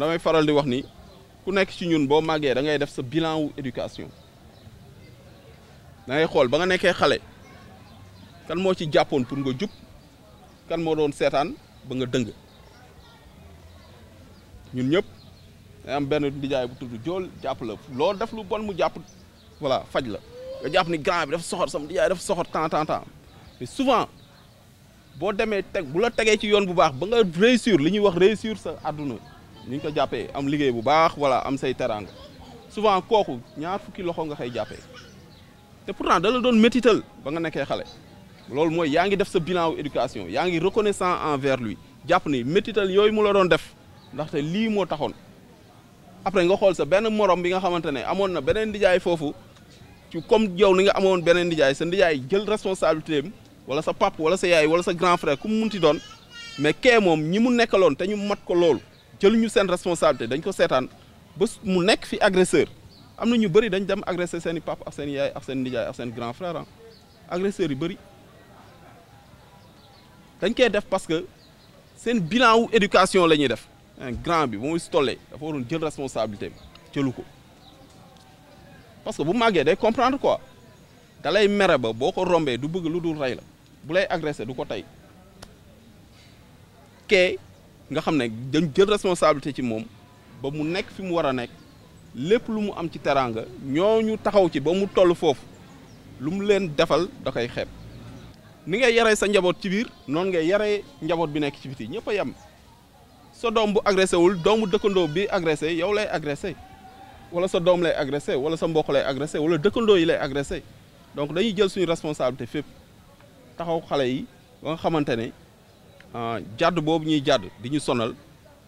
damay faral di wax ni ku nekk ci ñun boo màggee da ngay def sa bilan wu éducation da ngay xool ba nga nekkee xale kan moo ci jàppoon pour nga jub kan moo doon seetaan ba nga dëng ñun ñëpp day benn ndijaay bu tudd jool jàpp la loo def lu bon mu jàpp voilà faj la nga jàpp ni grand bi def soxor sama ndijaay def soxor temps temps mais souvent boo demee teg bu la tegee ci yoon bu baax ba nga réussir li ñuy wax réussir sa àdduna ni ko jàppee am liggéey bu baax wala am say terang souvent kooku ñaar fukki loxo nga koy jàppee te pourtant da la doon métital ba nga nekkee xale loolu mooy yaa ngi def sa bilan wu éducation yaa ngi reconnaissant envers lui jàpp ni métital yooyu mu la doon def ndaxte lii moo taxoon après nga xool sa benn morom bi nga xamante ne amoon na beneen ndijaay foofu ci comme yow ni nga amoon beneen ndijaay sa ndijaay jël responsabilité am wala sa pap wala sa yaay wala sa grand frère ku mu doon mais kee moom ñi mu nekkaloon te ñu mat ko loolu jëluñu seen responsabilité dañ ko seetaan ba mu nekk fi agresseur am na ñu bëri dañ dem agressé seeni pap papa ak seen yaay ak seen nijaay ak seen grand frère ah. agresseur yu bëri dañ koy def parce que seen bilan wu éducation la ñuy def grand bi ba muy tollee dafa waroon jël responsabilité jëlu ko parce que bu màggee day comprendre quoi da mere ba boo ko rombee du bëgg lu dul rey la bu lay agressé du ko tey kee nga xam ne dañ jël responsabilité ci moom ba mu nekk fi mu war a nekk lépp lu mu am ci teraanga ñooñu taxaw ci ba mu toll foofu lu mu leen defal da koy xeeb ni ngay yaree sa njaboot ci biir noonu ngay yaree njaboot bi nekk ci biti ñëpp a yem sa doom bu agressé wul doomu dëkkandoo bi agressé yow lay agressé wala sa doom lay agressé wala sa mbokk lay agressé wala dëkkandoo yi lay agressé donc dañuy jël suñu responsabilité fépp taxaw xale yi ba nga xamante ne Euh, jàdd boobu ñuy jàdd di ñu sonal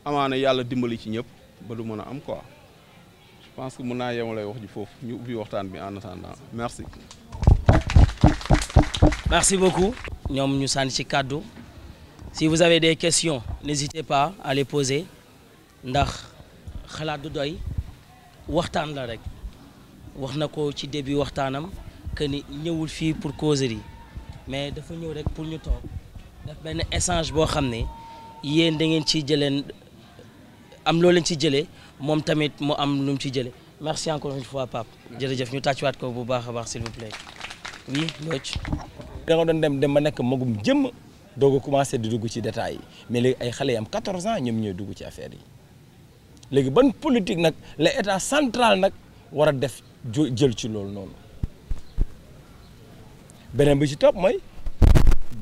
amaana yàlla dimbali ci ñëpp ba du mën a am quoi je pense que mën naa yemalay wax ji foofu ñu ubbi waxtaan bi en attendant merci. merci beaucoup. ñoom ñu sànni ci kàddu si vous avez des questions n'hésitez pas à les poser ndax xalaat du doy waxtaan la rek wax na ko ci début waxtaanam que ni ñëwul fii pour causerie mais dafa ñëw rek pour ñu toog. def benn échange boo xam ne yéen da ngeen ciy jëleen am loo leen ci jëlee moom tamit mu am lu ci jëlee merci encore une fois Pape jërëjëf ñu tàccuwaat ko bu baax a baax s'il vous plaît oui Lodj. da nga dem dem ba nekk magum jëmm doog a commencé di dugg ci détails yi mais léegi ay xale yam am 14 ans ñoom ñooy dugg ci affaire yi léegi ban politique nag la état central nag war a def jël ci loolu noonu beneen bi ci topp mooy.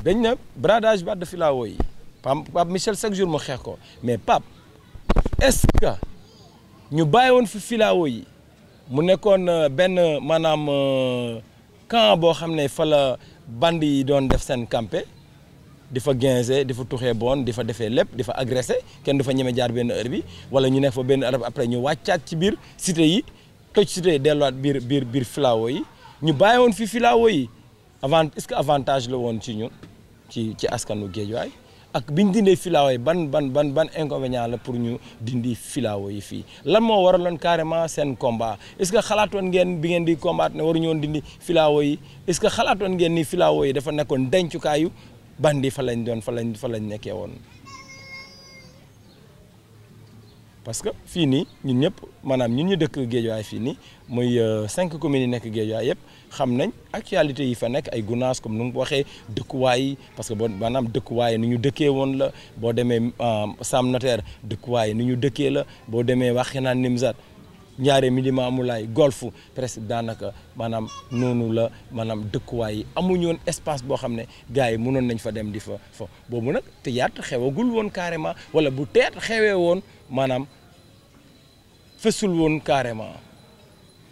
dañ nag bradage bi dafi laa wooyi Pape Pape Michel chaque jour mu xeex ko mais Pape est ñu bàyyi woon fi filao yi mu nekkoon euh, benn maanaam euh, camp boo xam ne fa la band yi doon def seen campé di fa ginze di fa tuxee bon di fa defee lépp di fa agressé kenn du fa ñeme jaar benn heure bi wala ñu nekk fa benn heure après ñu wàccaat ci biir cité yi toj cité yi delluwaat biir biir biir filao yi ñu bàyyi woon fi filao yi avant est-ce que avantage la woon ci ñun ci ci askanu Géejawaay ak biñ dindee filaawo yi ban ban ban ban inconvénient la pour ñu dindi filaawo yi fii lan moo waraloon carrément seen combat est-ce que xalaatoon ngeen bi ngeen di combat ne waru ñoon dindi filaawo yi est-ce que xalaatoon ngeen ni filaawo yi dafa nekkoon dencukaayu bandi fa lañ doon fa lañ fa lañ nekkee woon parce que fii nii ñun ñëpp maanaam ñun ñu dëkk Géejawaay fii nii muy euh, cinq communes yi nekk Géejawaay yëpp xam nañ actualité yi fa nekk ay gunaas comme nu nga ko waxee dëkkuwaay yi parce que boo maanaam dëkkuwaay yi ni ñu dëkkee woon la boo demee euh, Sam Notaire dëkkuwaay yi ni ñu dëkkee la boo demee Wakhinane Nimzatt Ndiarème Midina Moulay golf presque daanaka maanaam noonu la maanaam dëkkuwaay yi amuñu woon espace boo xam ne gars yi mënoon nañ fa dem di fa fa boobu nag te théâtre xewagul woon carrément wala bu théâtre xewee woon maanaam fësul woon carrément.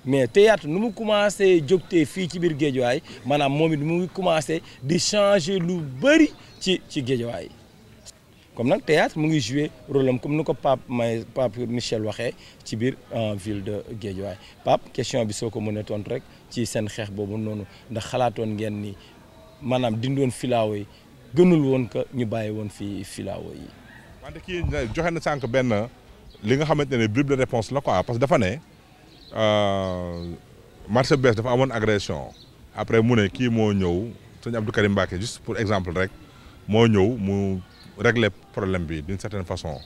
mais théâtre nu mu commencé jógtee fii ci biir géej waay maanaam moom it mu ngi commencé di changer lu bëri ci ci waay comme nag théâtre mu ngi joué rôle am comme ni ko Pape may Pape Michel waxee ci biir en ville de géej Guédiawaye pap question bi soo ko mënee tontu rek ci seen xeex boobu noonu ndax xalaatoon ngeen ni maanaam dindoon filaawo yi gënul woon ko ñu bàyyi woon fi filaawo yi. wante kii joxe na sànq benn li nga xamante ne bible réponse la quoi parce que dafa Euh, marché bees dafa amoon agression après mu ne kii moo ñëw sëñ Abdou Karim Mbacké juste pour exemple rek moo ñëw mu régler problème bi d'une certaine façon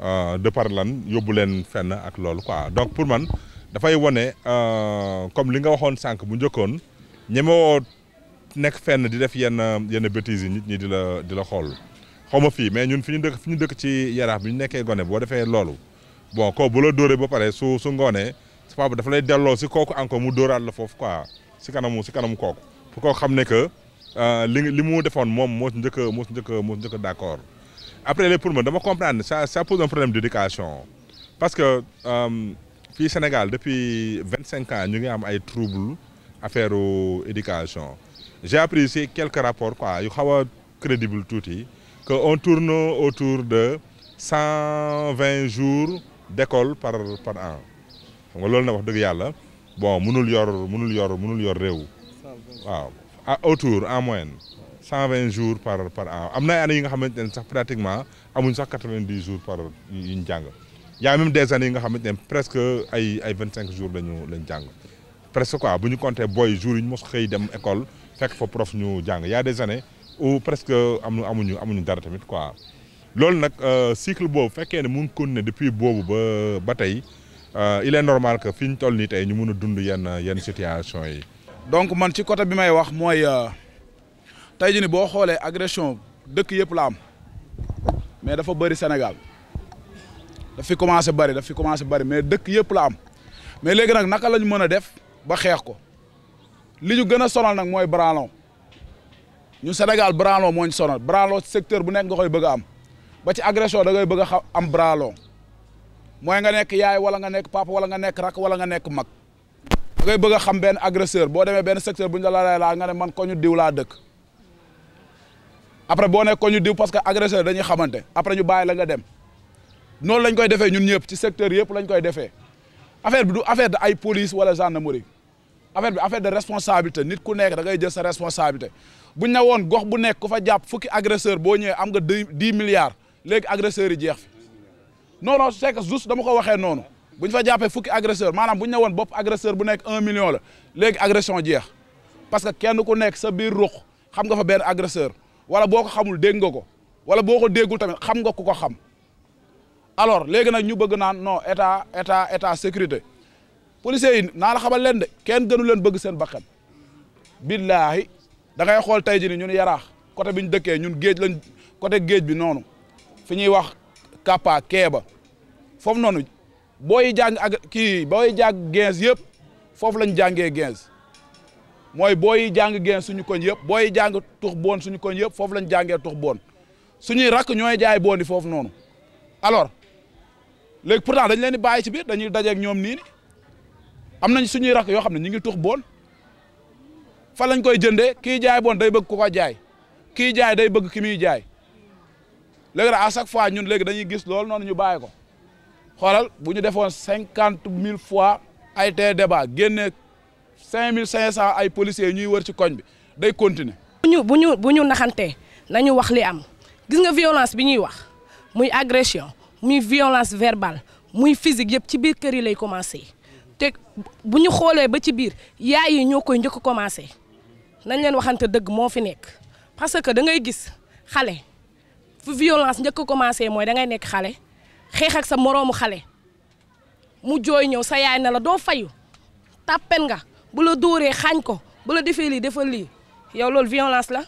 euh, de par lan yóbbu leen fenn ak loolu quoi donc pour man dafay wane euh, comme li nga waxoon sànq bu njëkkoon ñemewoo nekk fenn di def yenn yenn bêtises yi nit ñi di la di la xool xaw ma fii mais ñun fi ñu dëkk fi ñu dëkk ci yaraax bi ñu nekkee gone boo defee loolu bon ko bu la dóoree ba pare su su ngoonee. supa bi dafa lay delloo si kooku encore mu dóoraat la foofu quoi si kanamu si kanamu kooku pour koo xam ne que euh, li li mu defoon moom moo si njëkk a moo si njëkk a moo si d' accord après les pour ma dama comprendre ça ça pose un problème d' parce que euh, fii Sénégal depuis vingt cinq ans ñu ngi am ay trouble affaire éducation j'ai appris si quelques rapport quoi yu xaw a crédible tuuti que on tourne autour de cent vingt jours d' école par par an xam nga loolu na wax dëgg yàlla bon munul yor mënul yor mënul yor réew waaw autour en moyenne cent vingt jours par par an am na ay yi nga xamante ne sax pratiquement amuñ sax quatre vingt dix jours par yu ñu jàng yaa même des années yi nga xamante ne presque ay ay vingt cinq jours lañu lañ jàng presque quoi bu ñu compter boy jour yi ñu mos xëy dem école fekk fo prof ñu jàng yaa des années où presque am amuñu amuñu dara tamit quoi loolu nag euh, cycle boobu fekkee ne mu ngi continuer depuis boobu ba ba tey Euh, il est normal que fi ñu toll nii tey ñu mun a dund yenn yenn situation yi. donc man ci côté bi may wax mooy euh, tey jii ni boo xoolee agression dëkk yëpp la am mais dafa bëri Sénégal daf fi commencé bëri daf fi commencé bëri mais dëkk yëpp la am mais léegi nag naka lañ mën a def ba xeex ko li ñu gën a sonal nag mooy branlon ñu senegal branlon moo ñu sonal branlon secteur bu nekk nga koy bëgg am ba ci agression da bëgg a am branlon. mooy nga nekk yaay wala nga nekk papa wala nga nekk rak wala nga nekk mag da ngay bëgg xam benn agresseur boo demee benn secteur bu ñu la laa nga ne man ko ñu diw dëkk après boo nekk ko ñu diw parce que agresseur dañuy xamante après ñu bàyyi la nga dem noonu lañ koy defee ñun ñëpp ci secteur yëpp lañ koy defee affaire du affaire ay police wala gendarmerie affaire bi affaire de responsabilité nit ku nekk da ngay jël sa responsabilité buñ ne woon gox bu nekk fa jàpp fukki agresseur boo ñëwee am nga dix milliards léegi agresseurs yi jeex fi non non c'est que juste dama ko waxee noonu bu ñu fa jàppee fukki agresseur maanaam bu ñu ne woon bopp agresseur bu nekk un million la léegi agression jeex parce que kenn ku nekk sa biir ruq xam nga fa benn agresseur wala boo ko xamul dégg nga ko wala boo ko déggul tamit xam nga ku ko xam alors léegi nag ñu bëgg naan noo état état état sécurité policiers yi naa la xamal leen de kenn gënu leen bëgg seen bakkan billaahi da ngay xool tey jii ni ñun yaraax côté bi ñu dëkkee ñun géej lañ côté géej bi noonu fi ñuy wax Kappa Keeba foofu noonu booy jàng ak kii booy jàng gens yëpp foofu lañ jàngee gens mooy booy jàng gens suñu koñ yëpp booy jàng tux boon suñu koñ yëpp foofu lañ jàngee tux boon suñuy rakk ñooy jaay boon di foofu noonu alors léegi pourtant dañ leen di bàyyi ci biir dañuy dajeeg ñoom nii am nañ suñuy rakk yoo xam ne ñu ngi tux boon fa lañ koy jëndee ki jaay boon day bëgg ku jaay kii jaay day bëgg ki muy jaay léegi à chaque fois ñun léegi dañuy gis loolu noonu ñu bàyyi ko xoolal bu ñu defoon cinquante mille fois ay tee débat génne cinq mille cinq cent ay policiers ñuy wër ci koñ bi day continuer. bu ñu bu ñu bu ñu naxantee nañu wax li am gis nga violence bi ñuy wax muy agression muy violence verbale muy physique yëpp ci biir kër yi lay commencé te bu ñu xoolee ba ci biir yaay yi ñoo koy njëkk commencé nañ leen waxante dëgg moo fi nekk parce que da ngay gis xale. fu violence njëkk a commencé mooy dangay nekk xale xeex ak sa moroomu xale mu jooy ñëw sa yaay na la doo fayu tàppen nga bu la dóoree xaañ ko bu la defee lii defal lii yow loolu violance la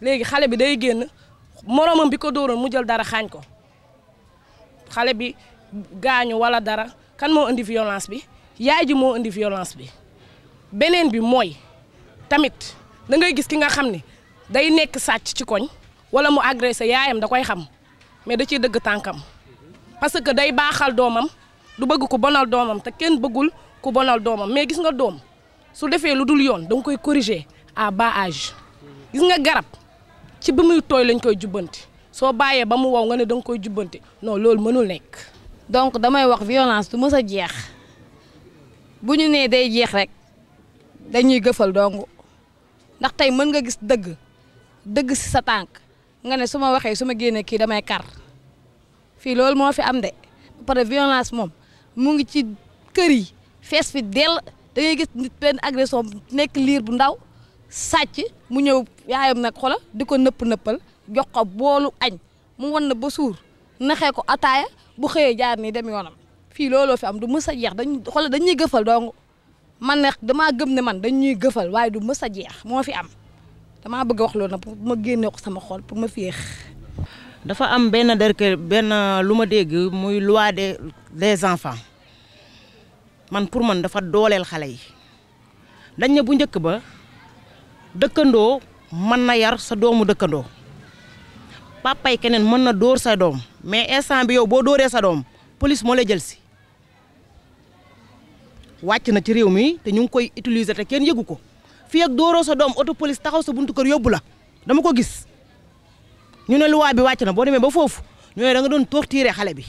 léegi xale bi day génn moroomam bi ko dóoroon mu jël dara xaañ ko xale bi gaañu walla dara kan moo indi violence bi yaay ji moo indi violence bi beneen bi mooy tamit da ngay gis ki nga xam ni day nekk sàcc ci koñ wala mu sa yaayam da koy xam mais da ciy dëgg tànkam parce que day baaxal doomam du bëgg ku bonal doomam te kenn bëggul ku bonal doomam mais gis nga doom su defee lu dul yoon da koy corriger à bas âge gis nga garab ci bi muy tooy lañ koy jubbanti soo bàyyee ba mu wow nga ne da nga koy jubbanti non loolu mënul nekk. donc damay wax violence du mës a jeex bu ñu nee day jeex rek dañuy gëfal dong ndax tey mën nga gis dëgg dëgg si sa tànk. nga ne su ma waxee su ma génne kii damay kar fii loolu moo fi am de ba pare violence moom mu ngi ci kër yi fees fi dell da ngay gis nit benn agression nekk liir bu ndaw sàcc mu ñëw yaayam nag xola di ko nëpp nëppal jox ko boolu añ mu wan na ba suur naxee ko ataaya bu xëyee jaar nii dem yoonam fii looloo fi am du mës a jeex dañ xola dañuy gëfal donc man ne damaa gëm ne man dañuy gëfal waaye du mës a jeex moo fi am damaa bëgg wax loolu nag pour ma génne ko sama xol pour ma féex. dafa am benn derke benn lu ma dégg muy loi des des enfants man pour man dafa dooleel xale yi dañ ne bu njëkk ba dëkkandoo mën na yar sa doomu dëkkandoo papay keneen mën na dóor sa doom mais instant bi yow boo dooree sa doom police moo lay jël si wàcc na ci réew mi te ñu ngi koy utiliser te kenn yëgu ko. fii ak dóoroo sa doom auto police taxaw sa buntu kër yóbbu la dama ko gis ñu ne luwaa bi wàcc na boo demee ba foofu ñu ne da nga doon torturer xale bi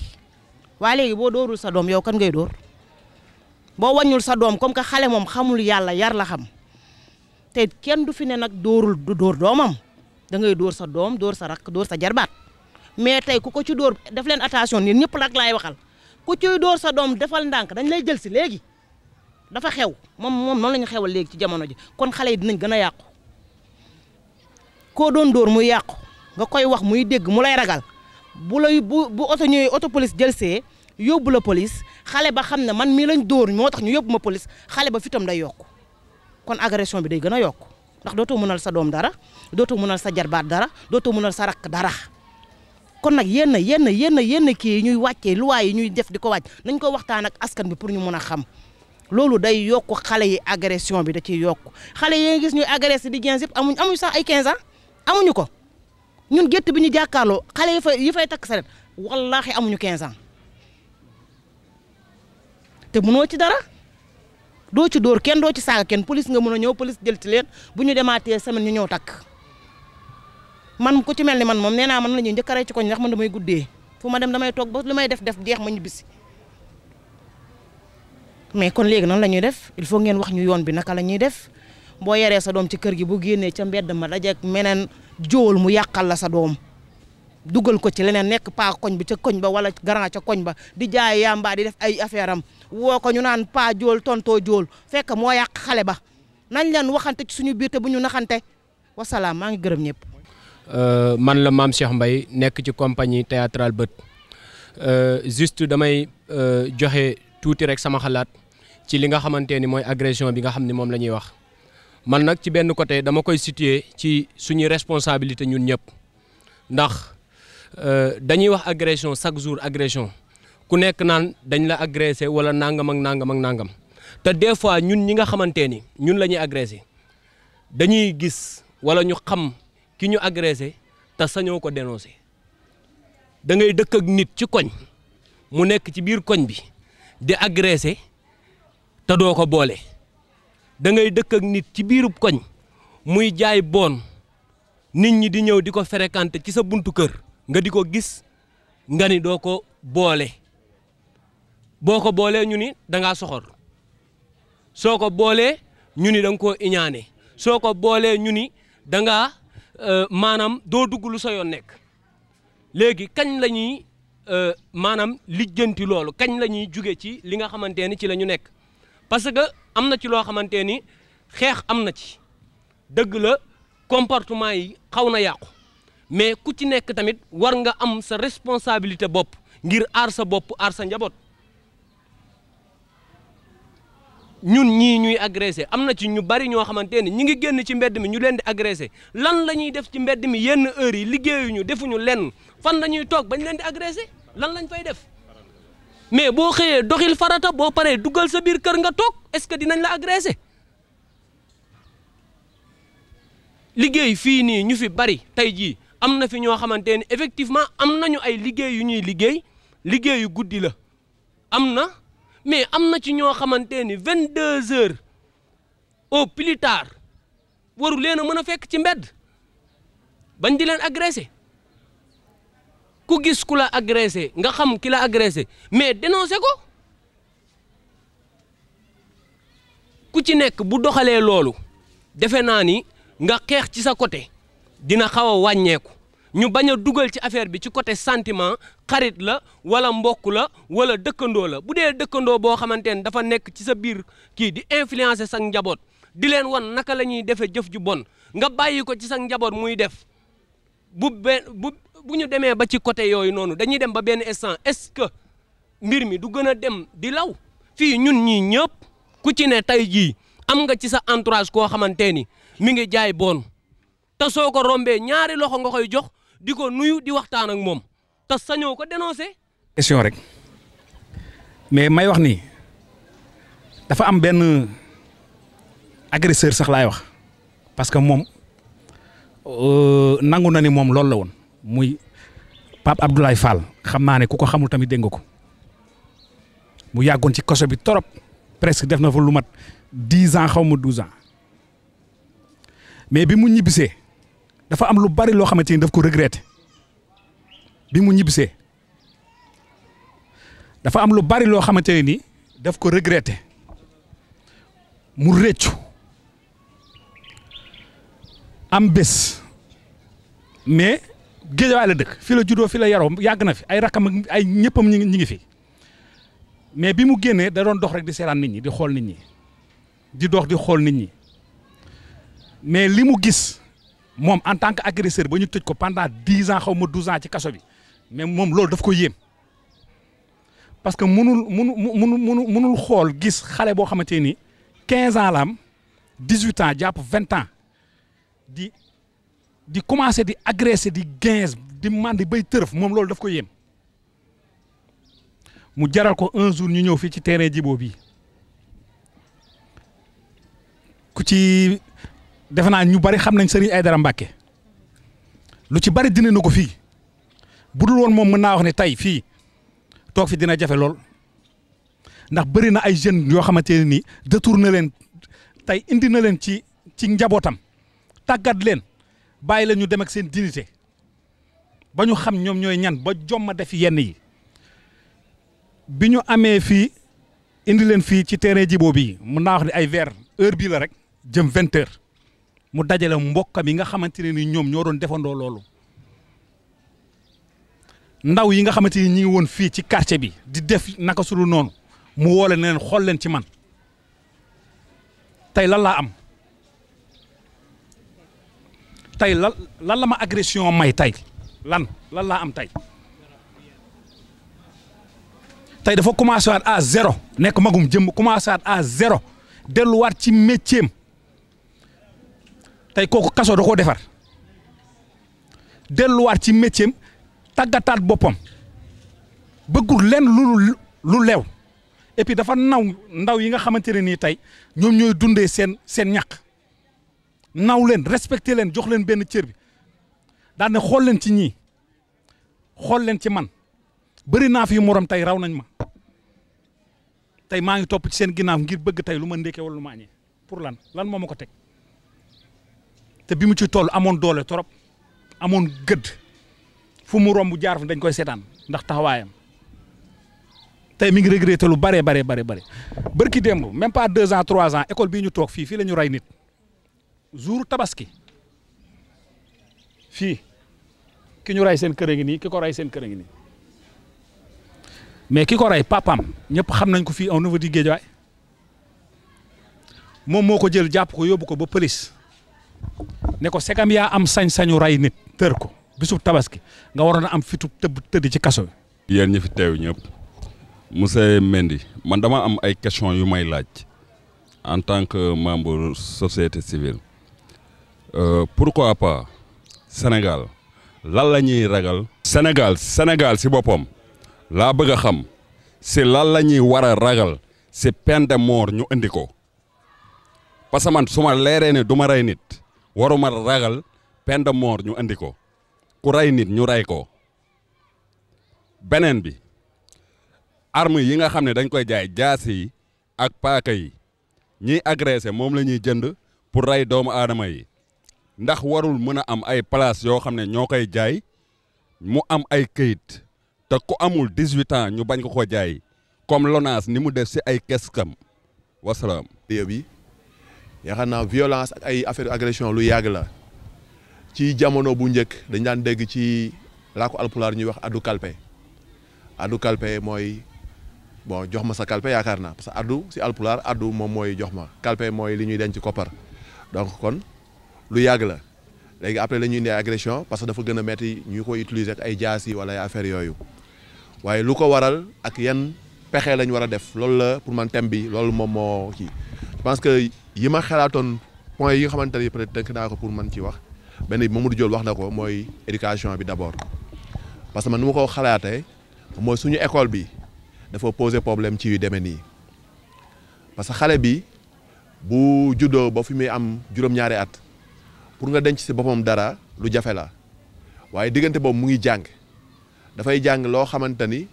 waa léegi boo doorul sa doom yow kan ngay door boo wàññul sa doom comme que xale moom xamul yàlla yar la xam te kenn du fi ne nag dóorul du dóor doomam da ngay dóor sa doom dóor sa rakk door sa jarbaat mais tey ku ko ci dóor def leen attention yéen ñëpp nag laay waxal ku ciy dóor sa doom defal ndànk dañ lay jël si léegi dafa xew moom moom noonu la ñu xewal léegi ci jamono ji kon xale yi dinañ gën a yàqu koo doon dóor muy yàqu nga koy wax muy dégg mu lay ragal bu lay bu bu oto ñëwee oto police jël see yóbbu la police xale ba xam ne man mii lañ dóor moo tax ñu yóbbu ma police xale ba fitam da yokku kon agression bi day gën a yokku ndax dootoo mënal sa doom dara dootoo mënal sa jarbaat dara dootoo mënal sa rakk dara kon nag yenn yenn yenn yenn kii yi ñuy wàccee luwaay yi ñuy def di ko wàcc nañ ko waxtaan ak askan bi pour ñu mën a xam loolu day yokk xale yi agression bi da ciy yokk xale yi nga gis ñuy agressé di 15 yëpp amuñ amuñ sax ay 15 ans amuñu ko ñun gétt bi ñu jàkkaarloo xale yi fay yi fay takk saret wallaahi amuñu 15 ans te mënoo ci dara doo ci dóor kenn doo ci saaga kenn police nga mën a ñëw police jël ci leen bu ñu demaatee semaine ñu ñëw takk man ku ci mel ni man moom nee naa man la ñuy njëkk a rey ci koñ ndax man damay guddee fu ma dem damay toog ba li may def def jeex ma ñibbisi mais kon léegi noonu la ñuy def il faut ngeen wax ñu yoon bi naka la ñuy def boo yaree sa doom ci kër gi bu génnee ca mbedd ma dajeeg meneen jóol mu yàqal la sa doom dugal ko ci leneen nekk paa koñ bi ca koñ ba wala grand ca koñ ba di jaay yamba di def ay affaire am woo ko ñu naan paa jóol tontoo jóol fekk moo yàq xale ba nañ leen waxante ci suñu biir te bu ñu naxante wasalaam maa ngi gërëm ñëpp. Euh, man la maam Cheikh mbay nekk ci compagnie théâtrale bët euh, juste damay euh, joxe. tuuti rek sama xalaat ci li nga xamante ni mooy agression bi nga xam ne moom la ñuy wax man nag ci benn côté dama koy situer ci suñuy responsabilité ñun ñëpp ndax euh, dañuy wax agression chaque jour agression ku nekk naan dañ la agressé wala nangam ak nangam ak nangam te des fois ñun ñi nga xamante ni ñun la ñuy agressé dañuy gis wala ñu xam ki ñu agressé te sañoo ko dénoncé da ngay dëkk ak nit ci koñ mu nekk ci biir koñ bi di agressé te doo ko boole da ngay dëkk ak nit ci biirub koñ muy jaay bon nit ñi di ñëw di ko fréquenté ci sa buntu kër nga di ko gis nga ni doo ko boole boo ko boolee ñu ni da ngaa soxor soo ko boolee ñu ni da nga koo iñaane soo ko boolee ñu ni da ngaa euh, maanaam doo dugg lu sa yoon nekk léegi kañ la Euh, maanaam lijjanti loolu kañ la ñuy jóge ci li nga xamante ni ci la ñu nekk parce que am na ci loo xamante ni xeex am na ci dëgg la comportement yi xaw na yàqu mais ku ci nekk tamit war nga am sa responsabilité bopp ngir aar sa bopp aar sa njaboot ñun ñii ñuy agressé am na ci ñu bari ñoo xamante ne ñi ngi génn ci mbedd mi ñu leen di agressé lan la ñuy def ci mbedd mi yenn heures yi liggéeyuñu defuñu lenn fan la ñuy toog bañ leen di agressé lan lañ fay def mais boo xëyee doxil farata boo paree duggal sa biir kër nga toog est-ce que dinañ la agressé liggéey fii nii ñu fi bari tey jii am na fi ñoo xamante ni effectivement am nañu ay liggéey yu ñuy liggéey liggéeyu guddi la am na mais am na ci ñoo xamante ni vingt deux heures au plus tard waru leen a mën a fekk ci mbedd bañ di leen agressé ku gis ku la agressé nga xam ki la mais dénoncé ko ku ci nekk bu doxalee loolu defe naa ni nga xeex ci sa côté dina xaw a wàññeeku ñu bañ a dugal ci affaire bi ci côté santiment xarit la wala mbokk la wala dëkkandoo la bu dee dëkkandoo boo xamante ne dafa nekk ci sa biir kii di influencer sa njaboot di leen wan naka la ñuy defee jëf ji bon nga bàyyi ko ci sa njaboot muy def bu ñu demee ba ci côté yooyu noonu dañuy dem ba benn instant est-ce que mbir mi du gën a dem di law fii ñun ñii ñëpp ku ci ne tey jii am nga ci sa entourage koo xamante ni mi ngi jaay boon te soo ko rombee ñaari loxo nga koy jox di ko nuyu di waxtaan ak moom te ñëw ko dénoncé. question rek mais may wax nii dafa am benn agresseur sax laay wax parce que moom euh, nangu na ni moom loolu la woon. muy Pape Abdoulaye Fall xam naa ne ku ko xamul tamit dégg nga ko mu yàggoon ci kaso bi torop presque def na fa lu mat dix ans xaw ma douze mais bi mu ñibbisee dafa am lu bari loo xamante ni daf ko regretté bi mu ñibbisee dafa am lu bari loo xamante ne ni daf ko regretté mu réccu am bés mais. géejawaay la dëkk fi la juddoo fi la yaroo yàgg na fi ay rakkam ak ay ñëppam ñi ngi fi mais bi mu génnee da doon dox rek di seetaan nit ñi di xool nit ñi di dox di xool nit ñi mais li mu gis moom en tant que agresseur ba ñu tëj ko pendant dix ans xaw ma douze ans ci kaso bi mais moom loolu daf ko yéem parce que munul munu munu munu munul xool gis xale boo xamante ni quinze ans la am dix huit jàpp vingt ans di. di commencé di agressé di guinze di mandi bay tërëf moom loolu daf koy yem mu jaral ko un jour ñu ñëw fii ci terrain Djibo bi ku ci defe naa ñu bari xam nañ ay dara Mbacké lu ci bari dina na ko fii budul dul woon moom mën naa wax ne tey fii toog fi dina jafe lool ndax bëri na ay jeunes yoo xamante ne nii détourné leen tey indi na leen ci ci njabootam tàggat leen bàyyi la ñu dem ak seen dignité ba ñu xam ñoom ñooy ñan ba jomma def yenn yi bi ñu amee fii indi leen fii ci terrain Djibo bi mun naa wax ne ay vers heure bii la rek jëm vingt mu dajale mbokkam yi nga xamante ne ni ñoom ñoo doon defandoo loolu ndaw yi nga xamante ni ñi woon fii ci quartier bi di def naka sulu noonu mu woole ne leen xool leen ci man tey lan laa am tey lan lan la ma agression may tey lan lan laa am tey tey dafa commencé waat à zéro nekk magum jëmm commencé waat à zéro delluwaat ci métier am tey kooku kaso da koo defar delluwaat ci métier am tàggataat boppam bëggul leen lu lu leew et dafa naw ndaw yi nga xamante ne nii tey ñoom ñooy dundee seen seen ñàq naw leen respecté leen jox leen benn cër bi daane xool leen ci ñii xool leen ci man bëri naa fi morom tey raw nañ ma tey maa ngi topp ci seen ginnaaw ngir bëgg tey lu ma ndékkee wala lu ma añee pour lan lan moo ma ko teg te bi mu ci toll amoon doole trop amoon gëdd fu mu romb jaar fa dañ koy seetaan ndax taxawaayam tey mi ngi regretté lu bare bare bare bare bërki démb même pas deux ans trois ans école bii ñu toog fii fii la ñu rey nit jour tabaski fii ki ñu rey seen kër a nii ki ko rey seen kër a nii mais ki ko rey ñëpp xam nañ ko fii au niveau di Guédiawaye moom moo ko jël jàpp ko yóbbu ko ba police ne ko segam yaa am sañ-sañu ray nit tër ko bisub tabaski nga waroon a am fitu tëb tëdd ci kaso bi. yéen ñi fi teew ñëpp monsieur Mendy man dama am ay question yu may laaj en tant que membre société civile. Euh, pourquoi pas Sénégal lan la ñuy ragal. Sénégal Sénégal si boppam laa bëgg a xam si lan la ñuy war a ragal si peine de mort ñu indi ko parce que man su ma leeree ne du ma rey nit waruma ragal peine de mort ñu indi ko ku rey nit ñu rey ko beneen bi arme yi nga xam ne dañ koy jaay jaas yi ak paaka yi ñiy agrese moom la ñuy jënd pour rey doomu aadama yi. ndax warul mën a am ay place yoo xam ne ñoo koy jaay mu am ay kayit te ku amul dix-huit ñu bañ ko ko jaay comme lonaas ni mu def si ay keskam wasalaam. yëpp yaakaar naa violance ay affaire agression lu yàgg la ci jamono bu njëkk dañ daan dégg ci laa ko alpulaar ñuy wax addu kalpe addu kalpe mooy bon jox ma sa kalpe yaakaar na parce que addu si alpulaar addu moom mooy jox ma kalpe mooy li ñuy denc koppar donc kon. lu yàgg la léegi après la ñuy indi agression parce que dafa gën a metti ñu koy utiliser ay jaas yi wala ay affaires yooyu waaye lu ko waral ak yan pexe lañu war a def loolu la pour man thème bi loolu moom moo kii je que yi ma xalaatoon point yi nga xamante ne peut-être tënk naa ko pour man ci wax benn bi du jool wax na ko mooy éducation bi d'abord parce que man nu ma ko xalaatee mooy suñu école bi dafa poser problème ci yu demee nii parce que xale bi bu juddoo ba fi muy am juróom at. pour nga denc si boppam dara lu jafe la waaye diggante boobu mu ngi jàng dafay jàng loo xamante ni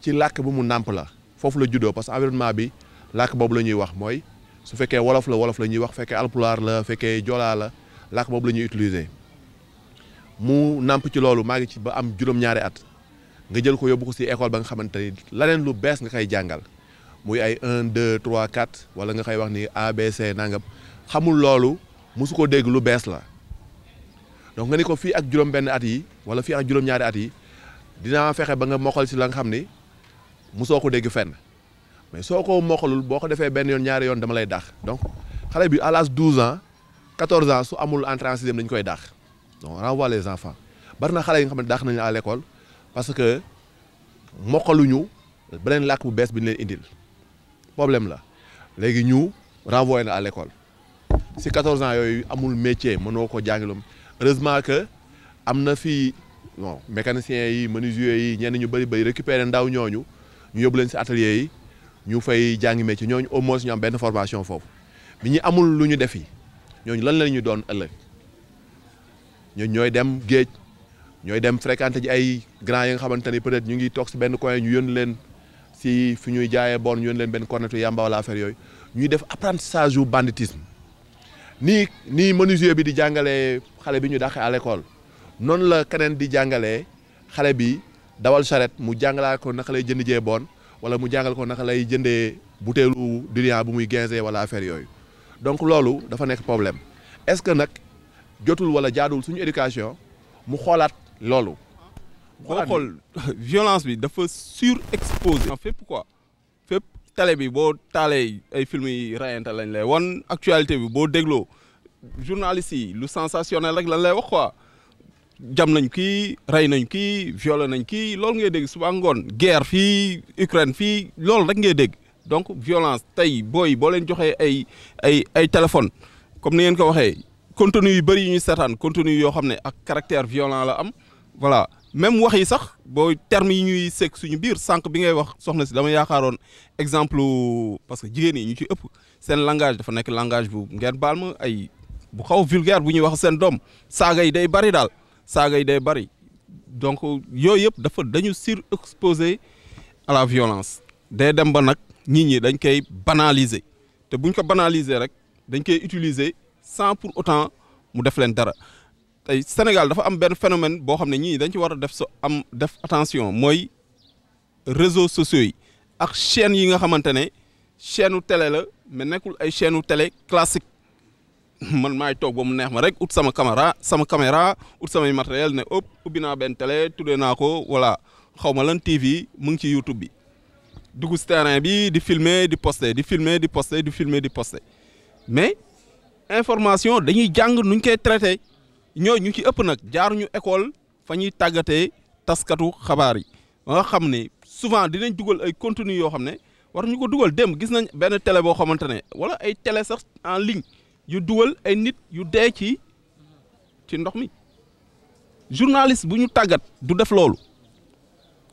ci làkk bu mu nàmp la foofu la juddoo parce que environnement bi làkk boobu la ñuy wax mooy su fekkee wolof la wolof la ñuy wax fekkee alpulaar la fekkee joolaa la làkk boobu la ñuy utiliser mu nàmp ci loolu maa ngi ci ba am juróom-ñaari at nga jël ko yóbbu ko si école ba nga xamante ni laneen lu bees nga koy jàngal muy ay 1 2 3 4 wala nga koy wax ni ABC nangam xamul loolu. mosu koo dégg lu bees la donc nga ni ko fii ak juróom-benn at yi wala fii ak juróom-ñaari at yi dinaa fexe ba nga mokkal si la nga xam ni mosoo ko dégg fenn mais soo ko mokkalul boo ko defee benn yoon ñaari yoon dama lay dàq donc xale bi à douze 12 ans 14 su amul entrée en sixième dañu koy dàq donc renvoie les enfants barina xale yi nga xam ne dàq nañu à l'école parce que mokkaluñu beneen làkk bu bees bi ñu leen indil problème la léegi ñu renvoyé na à si 14 ans yooyu amul métier mënoo ko jàngiloom heureusement que am na fii bon mécaniciens yi menuisiers yi ñenn ñu bëri bëri récupérer ndaw ñooñu ñu yóbbu si atelier yi ñu fay jàngi métier ñooñu au moins ñu am benn formation foofu bi ñu amul lu ñu def yi ñooñu lan la ñu doon ëllëg ñooñu ñooy dem géej ñooy dem fréquenter ji ay grand yi nga xamante ni peut-être ñu ngi toog si benn coin ñu yónni leen si fi ñuy jaayee bon ñu yónni leen benn cornetu yamba wala affaire yooyu ñuy def apprentissage ni nii menuisier bi di jàngalee xale bi ñu dàqe à l'école noonu la keneen di jàngalee xale bi dawal charrette mu jàngalaa ko naka lay jënd jee bon wala mu jàngal ko naka lay jëndee butéelu durian bu muy ginzee wala affaire yooyu donc loolu dafa nekk problème est-ce que nag jotul wala jaaduwul suñu éducation mu xoolaat loolu. violence bi dafa surexposé. fépp quoi fépp. télé bi boo taalee ay film yi rayante lañ lay wan actualité bi boo dégloo journaliste yi lu sensationnel rek lañ lay wax quoi jam nañ kii rey nañ kii violé nañ kii loolu ngee dégg suba ngoon guerre fii Ukraine fii loolu rek ngee dégg donc violence tey booy boo leen joxee ay ay ay téléphone comme ni ngeen ko waxee contenu yu bëri yi ñu seetaan contenu yoo xam ne ak caractère violent la am voilà même wax yi sax boo termes yi ñuy sekk suñu biir sànq bi ngay wax soxna si dama yaakaaroon exemple parce que jigéen yi ñu ci ëpp seen langage dafa nekk langage bu ngeen baal ma ay bu xaw vulgaire bu ñuy wax seen doom saaga yi day bari daal saaga yi day bari donc yooyu yëpp dafa dañu surexposé à la violence day dem ba nag nit ñi dañ koy banaliser te buñ ko banaliser rek dañ koy utiliser sans pour autant mu def leen dara tey Sénégal dafa am benn phénomène boo xam ne ñii dañ ci war a def so am def attention mooy réseau sociaux yi ak chaînes yi nga xamante ne chaîne u télé la mais nekkul ay chaîne u tele classique man maay toog ba mu neex ma rek ut sama caméra sama caméra ut samay matériel ne ëpp ubbi naa benn télé tuddee naa ko voilà xaw ma lan TV mu ngi ci YouTube bi dugg si terrain bi di filmer di poster di filmer di poster di filmer di poster mais information dañuy jàng nuñ koy traité. ñooñu ñu ci ëpp nag jaaruñu école fa ñuy tàggatee taskatu xabaar yi ba nga xam ne souvent dinañ dugal ay contenu yoo xam ne war ñu ko dugal dem gis nañ benn télé boo xamante ne wala ay télé sax en ligne yu dugal ay nit yu dee ci ci ndox mi journaliste bu ñu tàggat du def loolu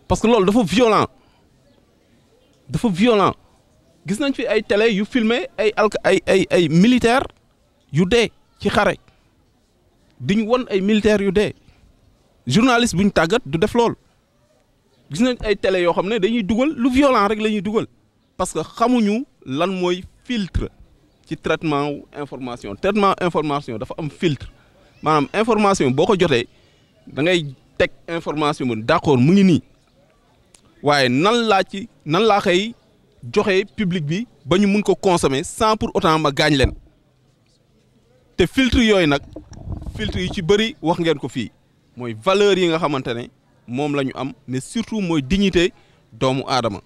parce que loolu dafa violent dafa violent gis nañ fi ay télé yu filmer ay alk ay ay ay militaire yu dee ci xare di ñu won ay militaires yu dee journaliste bu ñu tàggat du def lool gis nañ ay télé yoo xam ne dañuy dugal lu violent rek la ñuy dugal parce que xamuñu lan mooy filtre ci traitement information traitement information dafa am filtre maanaam information boo ko jotee da ngay teg information bi d'accord mu ngi nii waaye nan laa ci nan laa kay joxe public bi ba ñu mun ko consommer sans pour autant ma gaañ leen te filtre yooyu nag. filtre yu ci bëri wax ngeen ko fii mooy valeur yi nga xamante ne moom la ñu am mais surtout mooy dignité doomu aadama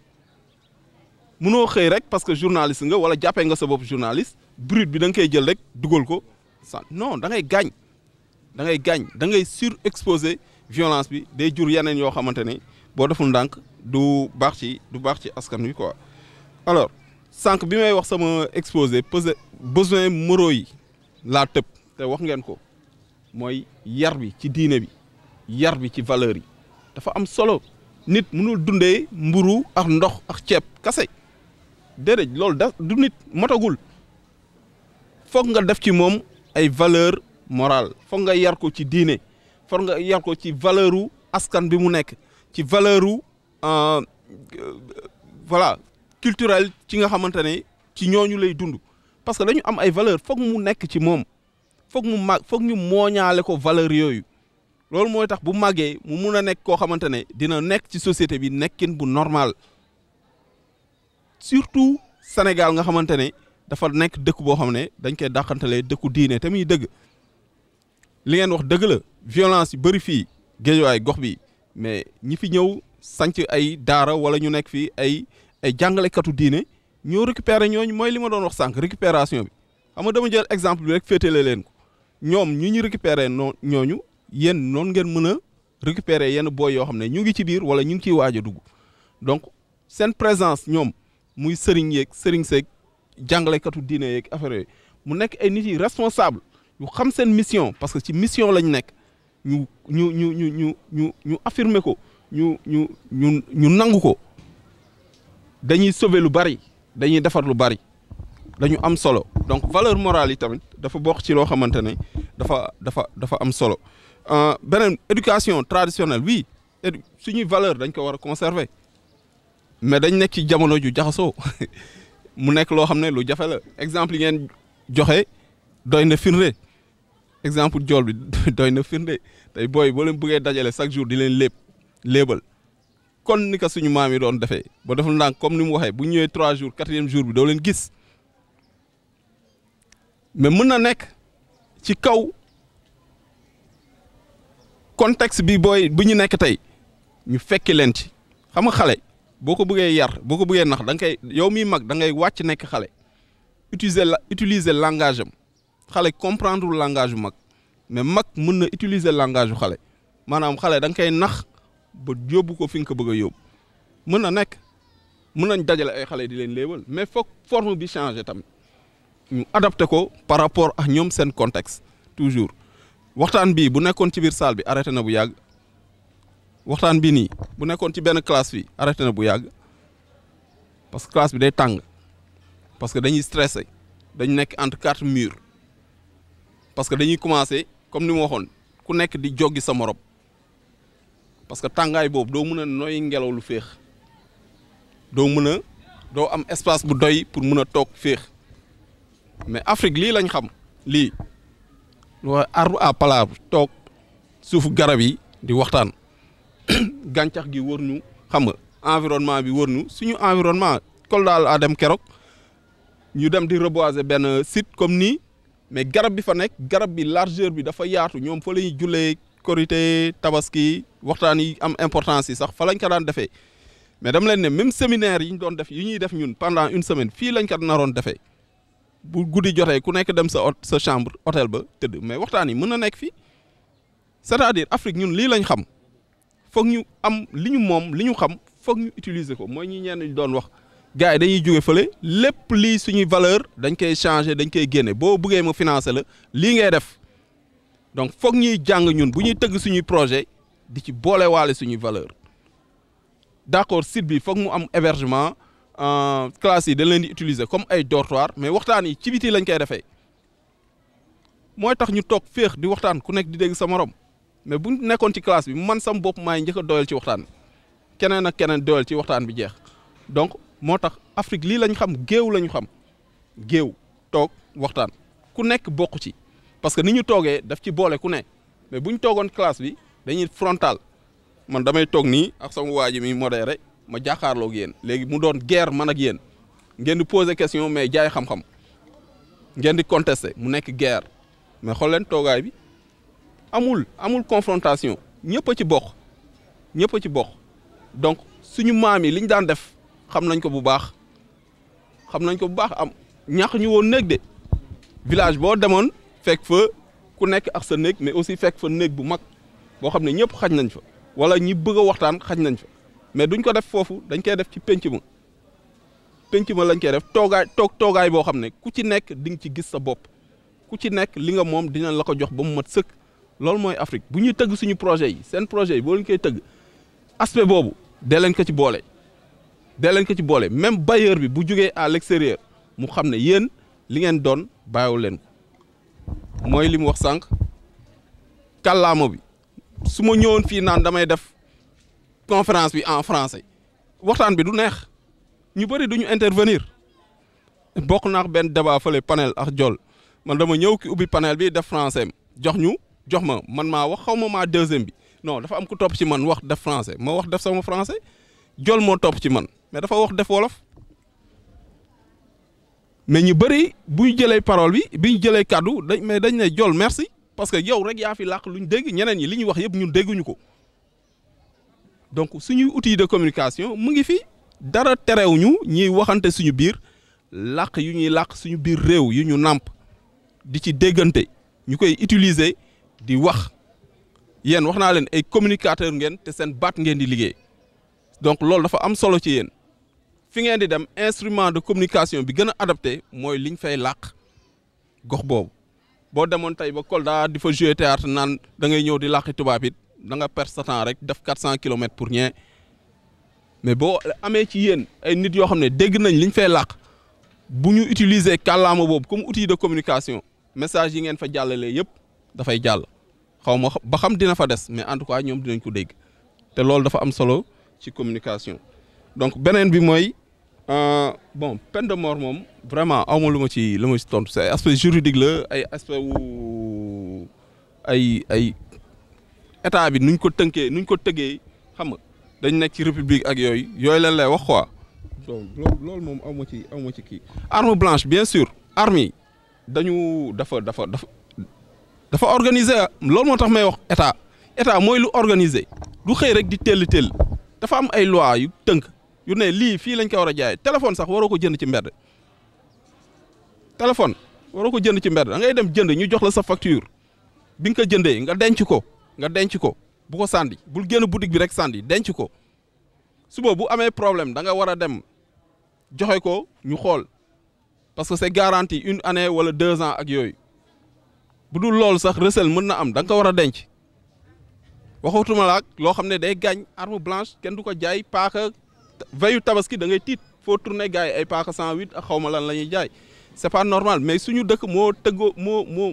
munoo xëy rek parce que journaliste nga wala jàppee nga sa bopp journaliste brut bi da koy jël rek dugal ko sa non da ngay gaañ da ngay gaañ da ngay surexposer violence bi day jur yeneen yoo xamante ne boo deful ndànk du baax ci du baax ci askan wi quoi alors sànq bi may wax sama exposé besoin moraux yi laa tëb te wax ngeen ko mooy yar bi ci diine bi yar bi ci valeur yi dafa am solo nit mënul dundee mburu ak ndox ak ceeb kase déedéet loolu da du nit motagul foog nga def ci moom ay valeur morale foog nga yar ko ci diine foog nga yar ko ci valeuru askan bi mu nekk ci valeuru euh, voilà culturel ci nga xamante ne ci ñooñu lay dund parce que dañu am ay valeur foog mu nekk ci moom foog mu mag foog ñu mooñaale ko valeur yooyu loolu mooy tax bu màggee mu mun a nekk koo xamante ne dina nekk ci société bi nekkin bu normal surtout Sénégal nga xamante ne dafa nekk dëkk boo xam ne dañ koy dàqantalee dëkku diine te muy dëgg li ngeen wax dëgg la violence yu bëri fii géejuwaay gox bi mais ñi fi ñëw sanc ay daara wala ñu nekk fii ay ay jàngalekatu diine ñoo récupérer ñooñu mooy li ma doon wax sànq récupération bi xam nga dama jël exemple rek féetale leen ko ñoom ñu ñu récupérer noo ñooñu yéen noonu ngeen mën a récupérer yenn booy yoo xam ne ñu ngi ci biir wala ñu ngi ciy waaj a dugg donc seen présence ñoom muy sëriñ yeeg sëriñ seeg jàngalekatu diine yeeg affaire yooyu mu nekk ay nit yi responsable ñu xam seen mission parce que ci mission lañ nekk ñu ñu ñu ñu ñu ñu ñu affirmer ko ñu ñu ñu ñu nangu ko dañuy sobe lu bari dañuy defar lu bari dañu am solo donc valeur morale yi tamit dafa bokk ci loo xamante ne dafa dafa dafa am solo euh, beneen éducation traditionnelle oui suñuy valeur dañ ko war a conserver mais dañ nekk ci jamono ju jaxasoo mu nekk loo xam ne lu jafe la exemple yi ngeen joxe doy na firnde exemple jool bi doy na firnde tey booy boo leen bëggee dajale chaque jour di leen léeb léebal kon ni ko suñu maam yi doon defee ba deful ndànk comme ni mu waxee bu ñëwee trois jours quatrième jour bi doo leen gis mais mën na nekk ci kaw contexte bi booy bu ñu nekk tey ñu fekki leen ci xam nga xale boo ko bëggee yar boo ko bëggee nax da koy yow miy mag da ngay wàcc nekk xale utiliser la utiliser langage xale comprendre langage bu mag mais mag mën na utiliser langage bu xale maanaam xale da nga koy nax ba yóbbu ko fi nga ko bëgg a yóbbu mën na nekk mën nañ dajale ay xale di leen léebal mais foog forme bi changer tamit. ñu adapté ko par rapport ak ñoom seen contexte toujours waxtaan bii bu nekkoon ci biir salle bi arrêté na bu yàgg waxtaan bi nii bu nekkoon ci benn classe bi arrêté na bu yàgg parce que classe bi day tàng parce que dañuy stressé dañu nekk entre quatre murs parce que dañuy commencé comme ni ma waxoon ku nekk di joggi sa morom parce que tàngaay boobu doo mën a nooy ngelaw lu feex doo mën a doo am espace bu doy pour mën a toog féex. mais Afrique lii lañ xam lii wa arbre à palabre toog suufu garab yi di waxtaan gàncax gi wër ñu xam nga environnement bi wër ñu suñu environnement Kolda la dem keroog ñu dem di reboiser benn site comme nii mais garab bi fa nekk garab bi largeur bi dafa yaatu ñoom fa la ñuy jullee korité tabaski waxtaan yi am importance yi sax fa lañ ko daan defee mais dama leen ne même séminaire yi ñu doon def yi ñuy def ñun pendant une semaine fii lañ ko naroon defee. bu guddi jotee ku nekk dem sa sa chambre hôtel ba tëdd mais waxtaan yi mën na nekk fii c'est-à-dire Afrique ñun lii lañ xam foog ñu am li ñu moom li ñu xam foog ñu utiliser ko mooy ñu ñenn doon wax gars yi dañuy jóge fële lépp lii suñuy valeur dañ koy changer dañ koy génne boo buggee ma financer la lii ngay def donc foog ñuy jàng ñun bu ñuy tëgg suñuy projet di ci boole waale suñuy valeur d'accord site bi foog mu am hébergement classes yi da leen di utiliser comme ay dortoir mais waxtaan yi ci biti lañ koy defee mooy tax ñu toog féex di waxtaan ku nekk di dégg sa morom mais bu nekkoon ci classe bi man sam bopp maay njëkk a ci waxtaan keneen ak keneen doyal ci waxtaan bi jeex donc moo tax Afrique lii lañ xam géew lañu xam géew toog waxtaan ku nekk bokk ci parce que ni ñu toogee daf ci boole ku ne mais bu ñu toogoon classe bi dañuy frontal man damay toog nii ak sama waa ji mi modéré ma jàkkaarloog yéen léegi mu doon guerre man ak yéen ngeen di poser question mais jaay xam-xam ngeen di contester mu nekk guerre mais xool leen toogaay bi amul amul confrontation ñëpp a ci bokk ñëpp ci bokk donc suñu maam yi li ñu daan def xam nañ ko bu baax xam nañ ko bu baax am ñax ñu woon néeg de village boo demoon fekk fa ku nekk ak sa néeg mais aussi fekk fa néeg bu mag boo xam ne ñëpp xaj nañ fa wala ñi bëgg waxtaan xaj nañ fa. mais duñ ko def foofu dañu koy def ci penc ma penc ma lañ koy def toogaay toog toogaay boo xam ne ku ci nekk di nga ci gis sa bopp ku ci nekk li nga moom dinañ la ko jox ba mu mat sëkk loolu mooy Afrique bu ñuy tëgg suñu projet seen projet yi boo leen koy tëgg aspect boobu dee leen ko ci boole dee leen ko ci boole même bailleur bi bu jógee à l'extérieur mu xam ne yéen li ngeen doon bàyyiwul leen mooy li mu wax sànq kàllaama bi su ma ñëwoon fii naan damay def. conférence bi en français waxtaan bi du neex ñu bëri duñu intervenir bokk naa benn débat fële panel ak jol man dama ñëw ki ubbi panel bi def français jox ñu jox ma man maa wax xaw ma maa deuxième bi non dafa am ku topp ci man wax def francais ma wax def sama français jol moo topp ci man mais dafa wax def wolof mais ñu bëri bu ñu jëlee parole bi bi jëlee kàddu dañ mais dañ ne jol merci parce que yow rek yaa fi làq luñ dégg ñeneen yi li ñuy wax yëpp ñun dégguñu ko. donc suñuy uti de communication mu ngi fi dara terew ñu ñuy waxante suñu biir làq yu ñuy làq suñu biir réew yu ñu nàmp di ci déggante ñu koy utiliser di wax yéen wax naa leen ay communicateur ngeen te seen baat ngeen di liggéey donc loolu dafa am solo ci yéen fi ngeen di dem instrument de communication bi gën a adapté mooy liñ fay làq gox boobu boo demoon tey ba Kolda di fa jouer théâtre naan da ngay ñëw di làqi tubaab it da nga perte sa rek def quatre cent kilomètres pour ñee mais boo amee ci yéen ay nit yoo xam ne dégg nañ liñ fay làq bu ñu utiliser kàllaama boobu comme outil de communication message yi ngeen fa jàllalee yëpp dafay jàll xaw ma ba xam dina fa des mais en tout cas ñoom dinañ ko dégg te loolu dafa am solo ci communication donc beneen bi mooy euh, bon peine de mort moom vraiment aw ma lu ma ci lu ma ci tontu c'est aspect juridique la ay aspect wu ay ay. état bi nuñ ko tënkee nuñ ko tëggee xam nga dañ nekk ci république ak yooyu yooyu lañ lay wax quoi. loolu moom aw ci aw ci kii. arme blanche bien sûr arme dañu dafa dafa dafa dafa organiser loolu moo tax may wax état état mooy lu organiser du xëy rek di tell tell dafa am ay loi yu tënk yu ne lii fii lañ ko war a jaay téléphone sax waroo ko jënd ci mbedd téléphone waroo ko jënd ci mbedd da ngay dem jënd ñu jox la sa facture bi nga ko jëndee nga denc ko. nga denc ko bu ko sànni bul génn boutique bi rek sànni denc ko suba bu amee problème da nga war a dem joxe ko ñu xool parce que c'est garanti une année wala deux ans ak yooyu bu dul loolu sax recel mën na am danga ko war a denc waxatuma la loo xam ne day gaañ arme blanche kenn du ko jaay paaka veyu tabaski da ngay tiit foo tourné gars yi ay paaka sant ak xaw ma lan la ñuy jaay. c'est pas normal mais suñu dëkk moo tëggoo moo moo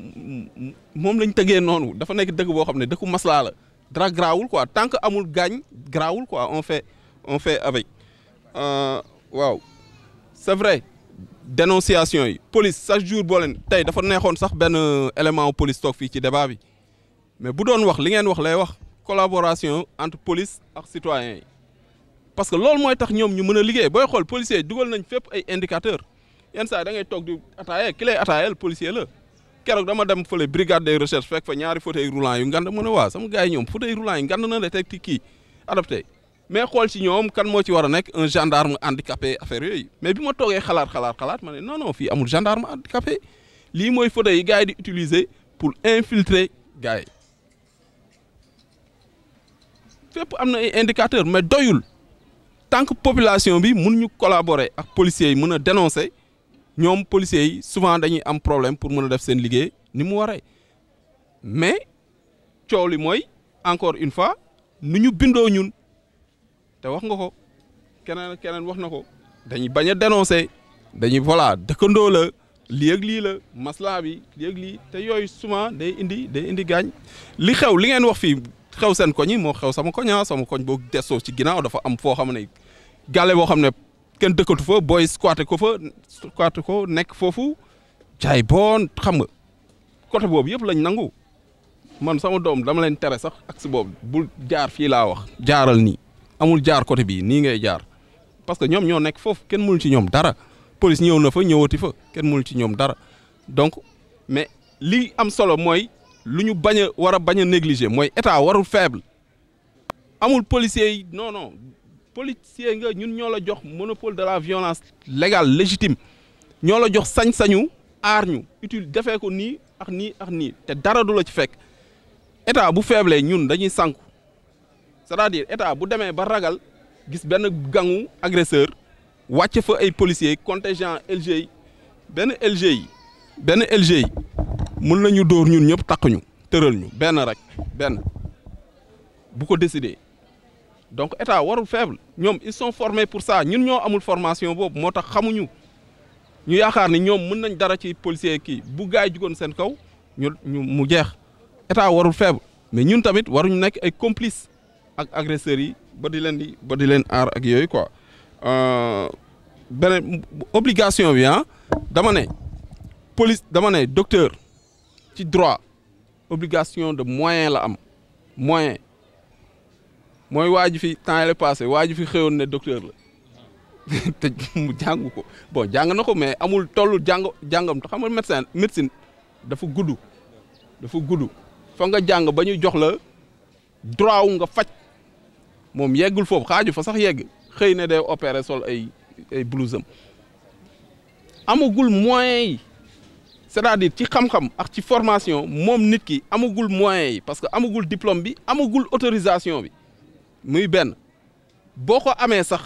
moom lañ tëggee noonu dafa nekk dëkk boo xam ne dëkku maslaa la dara garaawul quoi tant que amul gaañ garaawul quoi on fait on fait avec euh, waaw c'est vrai dénonciation yi police chaque jour boole leen tey dafa neexoon sax benn élément police toog fii ci débat bi mais bu doon wax li ngeen wax lay wax collaboration entre police ak citoyens yi parce que loolu mooy tax ñoom ñu mën a liggéey booy xool policiers yi dugal nañ fépp ay indicateurs yenn saa yi da ngay toog di ataaya ki lay ataayal policier la keroog dama dem fole brigade des recherches fekk fa ñaari fauteuil roulant yu ngand mën a waa sama gars yi ñoom fauteuil yi ngand na la teg ci kii adopté mais xool si ñoom kan moo ci war a nekk un gendarme handicapé affaire yooyu mais bi ma toogee xalaat xalaat xalaat ma ne non non fii amul gendarme handicapé lii mooy fauteuil yi gars di utiliser pour infiltrer gars yi fépp am na ay indicateurs mais doyul tant que population bi mun ñu collaborer ak policiers yi mën a dénoncer ñoom policiers yi souvent dañuy am problème pour mën a def seen liggéey ni mu waree mais coow li mooy encore une fois nu ñu bindoo ñun te wax nga ko keneen keneen wax na ko dañuy bañ a dénoncer dañuy voilà dëkkandoo la lii ak lii la maslaa bi lii ak lii te yooyu souvent day indi day indi gaañ li xew li ngeen wax fii xew seen koñi moo xew sama koña ah, sama koñ boo desoo ci ginnaaw dafa am foo xam ne gàlle boo xam ne kenn dëkkatu fa booy squatter ko fa squatter ko nekk foofu jaay boon xam nga côté boobu yëpp lañ nangu man sama doom dama leen tere sax ak si boobu bul jaar fii laa wax jaaral ni amul jaar côté bii nii ngay jaar parce que ñoom ñoo nekk foofu kenn mënul ci ñoom dara police ñëw na fa ñëwati fa kenn mënul ci ñoom dara donc mais li am solo mooy lu ñu bañ a war a bañ a négliger mooy état warul faible amul policier noonoo policier nga ñun ñoo la jox monopole de la violence légale légitime ñoo la jox sañ-sañu aar ñu utile defee ko nii ak nii ak nii te dara du la ci fekk état bu feeblee ñun dañuy sànku cest à état bu demee ba ragal gis benn gangu agresseur wàcce fa ay policiers contingent LG yi benn LG yi benn LG yi mun nañu dóor ñun ñëpp takk ñu tëral ñu benn rek benn bu ko décider. donc état warul faible ñoom ils sont formés pour ça ñun ñoo amul formation boobu moo tax xamuñu ñu yaakaar ni ñoom mën nañ dara ci policier kii bu gaay jugoon seen kaw ñu ñu mu jeex état warul faible mais ñun tamit waruñu nekk ay complice ak agresseurs yi ba di leen di ba di leen aar ak yooyu quoi euh, beneen obligation bi ah damane ne police dama docteur ci droit obligation de moyen la am moyen mooy waa ji fi temps yële passé waa ji fi xëyoon ne docteur la te mu jàng ko bon jàng na ko mais amul tollu jàng jàngam te xam nga médecin médecine dafa gudd dafa gudd fa nga jàng ba ñu jox la droit wu nga faj moom yeggul foofu xaaju fa sax yegg xëy na day opérer sol ay ay blouse am amagul moyen yi c'est-à-dire ci xam-xam ak ci formation moom nit ki amagul moyen yi parce que amagul diplôme bi amagul autorisation bi muy benn boo ko amee sax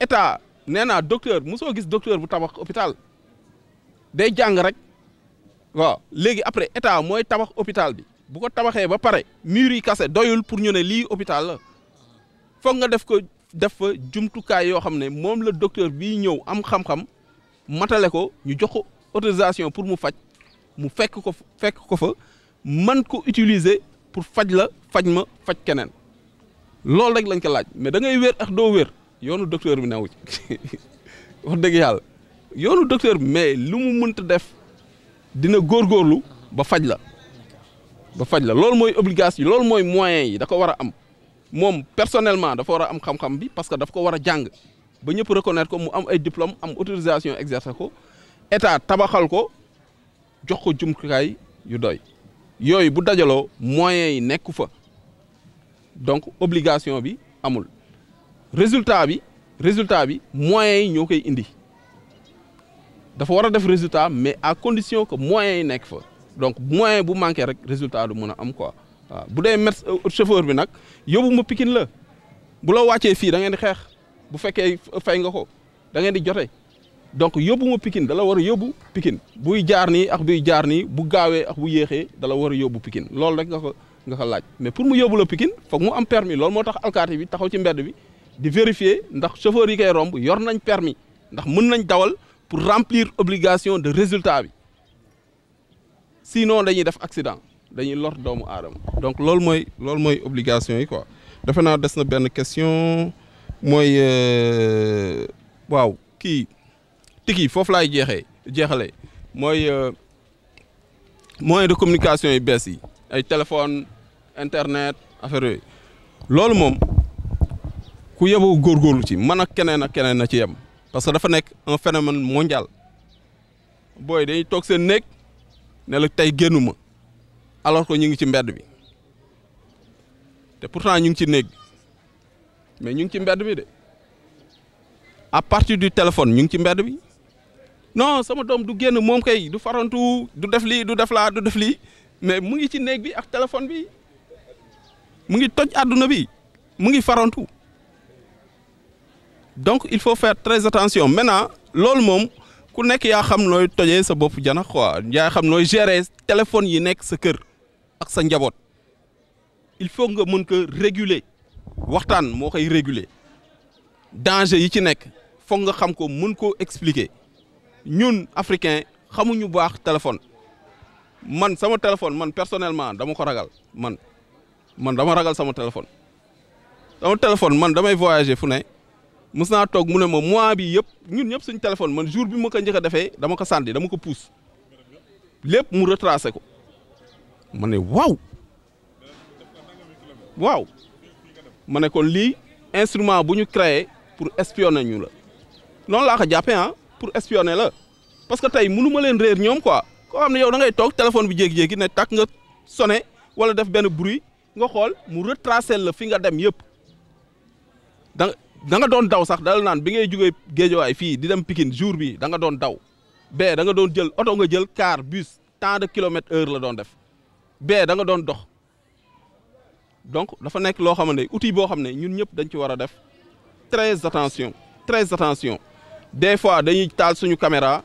état nee naa docteur mosoo gis docteur bu tabax hôpital day jàng rek waaw léegi après état mooy tabax hôpital bi bu ko tabaxee ba pare mur yi kase doyul pour ñu ne lii hôpital la foog nga def ko def fa jumtukaay yoo xam ne moom la docteur bii ñëw am xam-xam matale ko ñu jox ko autorisation pour mu faj mu fekk ko fekk ko fa man ko utiliser pour faj la faj ma faj keneen loolu rek lañ ko laaj mais dangay ngay wér ak doo wér yoonu docteur bi newu ci wax dëgg yàlla yoonu docteur bi mais lu mu mënta def dina góor góorlu ba faj la ba faj la loolu mooy obligation loolu mooy moyens yi da ko war a am moom personnellement dafa war a am xam-xam bi parce que daf ko war a jàng ba ñëpp reconnaître ko mu am ay diplôme am autorisation exercer ko état tabaxal ko jox ko jumtukaay yu doy yooyu bu dajaloo moyens yi nekku fa donc obligation bi amul résultat bi résultat bi moyens yi ñoo koy indi dafa war a def résultat mais à condition ko moyens yi nekk fa donc moyen bu manqué rek résultat du mun a am quoi waaw bu dee mét euh, chauffeur bi nag yóbbu ma Pikine la bu la wàccee fii da ngeen di xeex bu fekkee fay nga ko da ngeen di jote donc yóbbu ma Pikine dala war a yóbbu Pikine buy jaar nii ak buy jaar nii bu gaawee ak bu yéexee dala war a yóbbu Pikine loolu rek nga nga ko laaj mais pour mu yóbbu la Pikine mu am permis loolu moo tax alkaati bi taxaw ci mbedd bi di vérifier ndax chauffeur yi koy romb yor nañ permis ndax mën nañ dawal pour remplir obligation de résultat bi sinon dañuy def accident dañuy lor doomu aadama donc loolu mooy loolu mooy obligation yi quoi defe naa des na benn question mooy euh, waaw kii tiki foofu laay jeexee jeexale mooy euh, moyen de communication yi bees yi ay téléphone internet affaire yooyu loolu moom ku góor góorlu ci man ak keneen ak keneen a ci yem parce que dafa nekk un phénomène mondial booy dañuy toog seen néeg ne la tey génnuma alors que ñu ngi ci mbedd bi te pourtant ñu ngi ci néeg bi mais ñu ngi ci mbedd mi de à partir du téléphone ñu ngi ci mbedd bi non sama doom du génn moom kay du farontu du def lii du def laa du def lii mais mu ngi ci néeg bi ak téléphone bi mu ngi toj àdduna bi mu ngi farantu donc il faut faire très attention maintenant loolu moom ku nekk yaa xam nooy tojee sa bopp janax quoi yaa xam nooy gérer téléphone yi nekk sa kër ak sa njaboot il faut nga mën ko réguler waxtaan moo koy réguler danger yi ci nekk foog nga xam ko mën koo expliquer ñun africain xamuñu baax téléphone man sama téléphone man personnellement dama ko ragal man. man dama ragal sama téléphone sama téléphone man damay voyager fu ne mës naa toog mu ne ma mois bi yëpp ñun ñëpp suñ téléphone man jour bi ma ko njëkk defee dama ko sànni dama ko pousse lépp mu retracé ko ma ne waaw waaw ma ne kon lii instrument bu ñu créé pour espionner ñu la noonu laa ko jàppee ah pour espionner la parce que tey mënu ma leen réer ñoom quoi koo xam ne yow da ngay toog téléphone bi jékki-jékki ne takk nga sonné wala def benn bruit. nga xool mu retracer la fi nga dem yëpp da da doon daw sax dal naan bi ngay jógee géejowaay fii di dem Pikine jour bi danga doon daw bee da nga doon jël oto nga jël car bus tant de kilomètres heure la doon def bee da nga doon dox donc dafa nekk loo xam ne boo xam ne ñun ñëpp dañ ci war a def très attention très attention des fois dañuy taal suñu caméra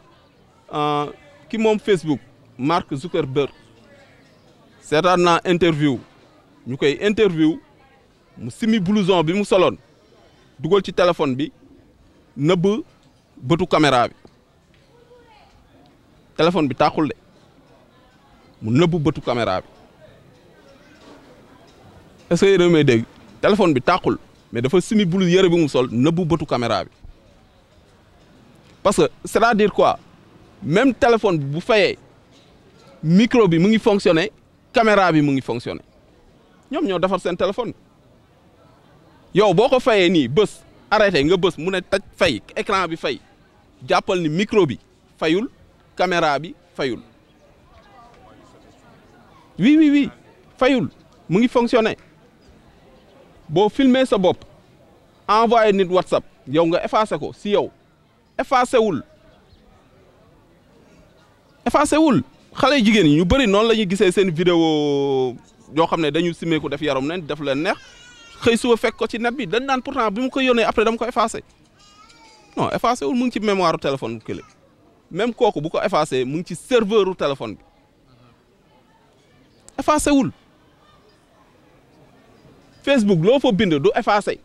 euh, ki moom Facebook Mark Zuckerberg seetaan naa interview ñu koy interview mu simi bi mu soloon dugal ci téléphone bi nëbb bëtu caméra bi bi tàqul de mu nëbb bëtu caméra bi est-ce que dégg téléphone bi tàqul mais dafa simi bulu yëre bi mu sol nëbb bëtu caméra bi parce que c'est-à-dire quoi même téléphone bi bu fayee micro bi mu ngi fonctionner caméra bi mu ngi fonctionner ñoom ñoo defar seen téléphone yow boo ko fayee nii bés arrêté nga bës mu ne taj fay écran bi fay jàppal ni micro bi fayul caméra bi fayul oui oui oui fayul mu ngi fonctionné boo filmer sa bopp envoyé nit WhatsApp yow nga effacé ko si yow effacé wul effacé wul xale jigéen ñi ñu bëri noonu lañu ñuy gisee seen vidéo yoo xam ne dañu simeeku def yaram nen def leen neex xëy suba fekk ko ci net bi dañ naan pourtant bi mu ko yónnee après dama ko effacé non effacé wul mu ngi ci mémoire téléphone bu kële même kooku bu ko effacé mu ngi ci serveur téléphone bi effacé wul Facebook loo fa bind du effacé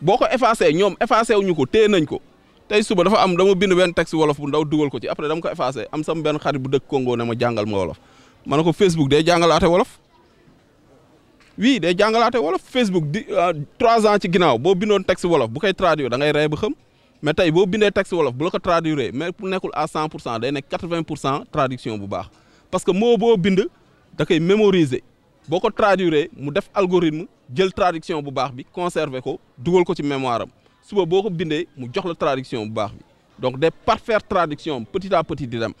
boo ko effacé ñoom effacé wuñu ko téye nañ ko tey suba dafa am dama bind benn texte wolof bu ndaw dugal ko ci après dama ko effacé am sama benn xarit bu dëkk Congo ne ma jàngal ma wolof. ma ne ko Facebook day jàngalaate wolof oui day jàngalaate wolof Facebook di euh, trois ans ci ginnaaw boo bindoon texte wolof bu koy traduire dangay ngay rey ba xam mais tey boo bindee texte wolof bu la ko traduire mais bu nekkul à cent pour cent day nekk quatre vingt pour cent traduction bu baax parce que moo boo bind da koy mémoriser boo ko traduire mu def algorithme jël traduction bu baax bi conserver ko dugal ko ci mémoire am suba boo ko bindee mu jox la traduction bu baax bi donc des parfaire traduction petit à di dem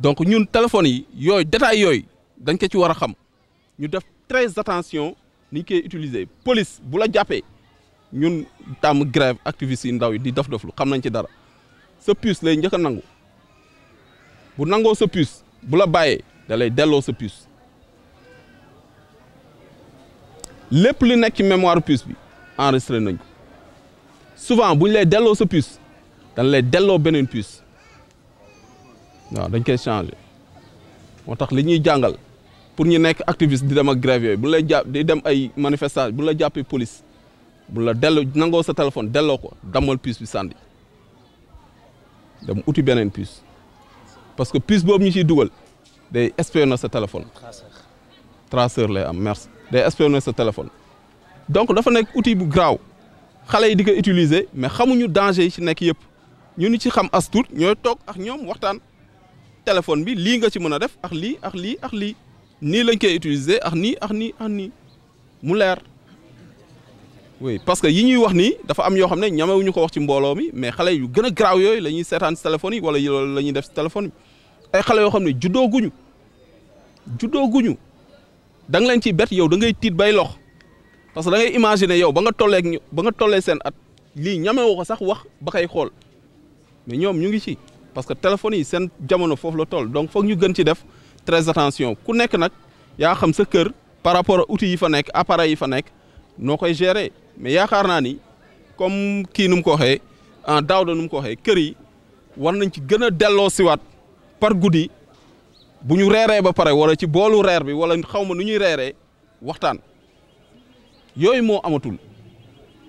donc ñun téléphones yi yooyu détails yooyu dañ ko ci war a xam ñu def très attention ni ñu koy utiliser police bu la jàppee ñun tàmm grève activistes yi ndaw yi di dof doflu xam nañ ci dara sa puce lay njëkk nangu bu nangoo sa bu la bàyyee da lay delloo sa lépp li nekk ci mémoire puce bi enregistré nañ ko souvent bu ñu lay delloo sa puce dañ lay delloo beneen puce waaw dañ koy changé moo tax li ñuy jàngal pour ñu nekk activiste di dem ak grève yooyu bu lay jàpp di dem ay manifestation bu la jàppee police bu la dellu nangoo sa téléphone delloo ko dammal puce bi sànni dem uti beneen puce parce que puce boobu ñu ciy dugal day espionner sa téléphone. traceur lay am merci day espionner sa téléphone. donc dafa nekk outil bu graaw xale yi di ko utiliser mais xamuñu danger yi ci nekk yëpp ñu ni ci xam as tuut ñooy toog ak ñoom waxtaan. téléphone bi lii nga ci mën a def ak lii ak lii ak lii nii lañ koy utiliser ak nii ak nii ak nii mu leer oui parce que yi ñuy wax nii dafa am yoo xam ne ñamewuñu ko wax ci mbooloo mi mais xale yu gën a garaaw yooyu la ñuy yi wala loolu la ñuy def si xale yoo xam ne juddooguñu juddooguñu juddoo guñu da nga leen ci bet yow da ngay tiit bay lox parce que da ngay imaginer yow ba nga tolleeg ba nga tollee seen at lii ñamewu ko sax wax ba kay xool mais ñoom ñu ngi ci. parce que téléphones yi seen jamono foofu la toll donc foog ñu gën ci def très attention ku nekk nag yaa xam sa kër par rapport a uti yi fa nekk appareil yi fa nekk noo koy gere mais yaakaar naa ni comme kii nu mu ko waxee en daaw da ko waxee kër yi war nañ ci gën a delloo siwaat par guddi bu ñu reeree ba pare wala ci boolu reer bi wala xaw ma nu ñuy reeree waxtaan yooyu moo amatul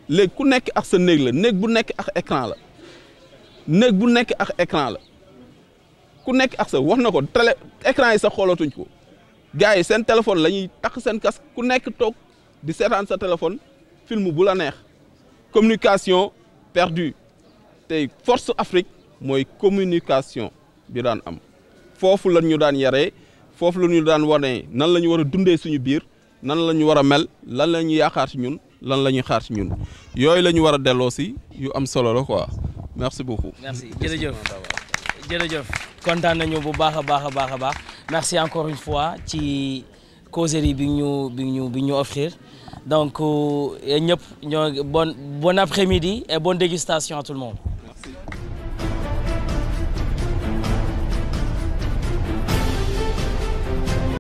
léegi ku nekk ak sa néeg la néeg bu nekk ak écran la néeg bu nekk ak écran la ku nekk ak sa wax na ko télé écran yi sax xoolatuñ ko gars yi seen téléphone la ñuy takk seen casque ku nekk toog di seetaan sa téléphone film bu la neex communication perdue tey force Afrique mooy communication bi daan am foofu la ñu daan yaree foofu la ñu daan wane nan la ñu war a dundee suñu biir nan la ñu war a mel lan la ñu yaakaar ñun lan la ñuy xaar ñun yooyu la ñu war a delloo si yu am solo la quoi. merci beaucoup. merci jërëjëf kontaan nañu bu baax a baax a baax a baax merci encore une fois ci causerie bi ñu bi ñu ñu offrir donc euh, ñëpp ñoo bon bon après-midi et bonne dégustation à tout le monde.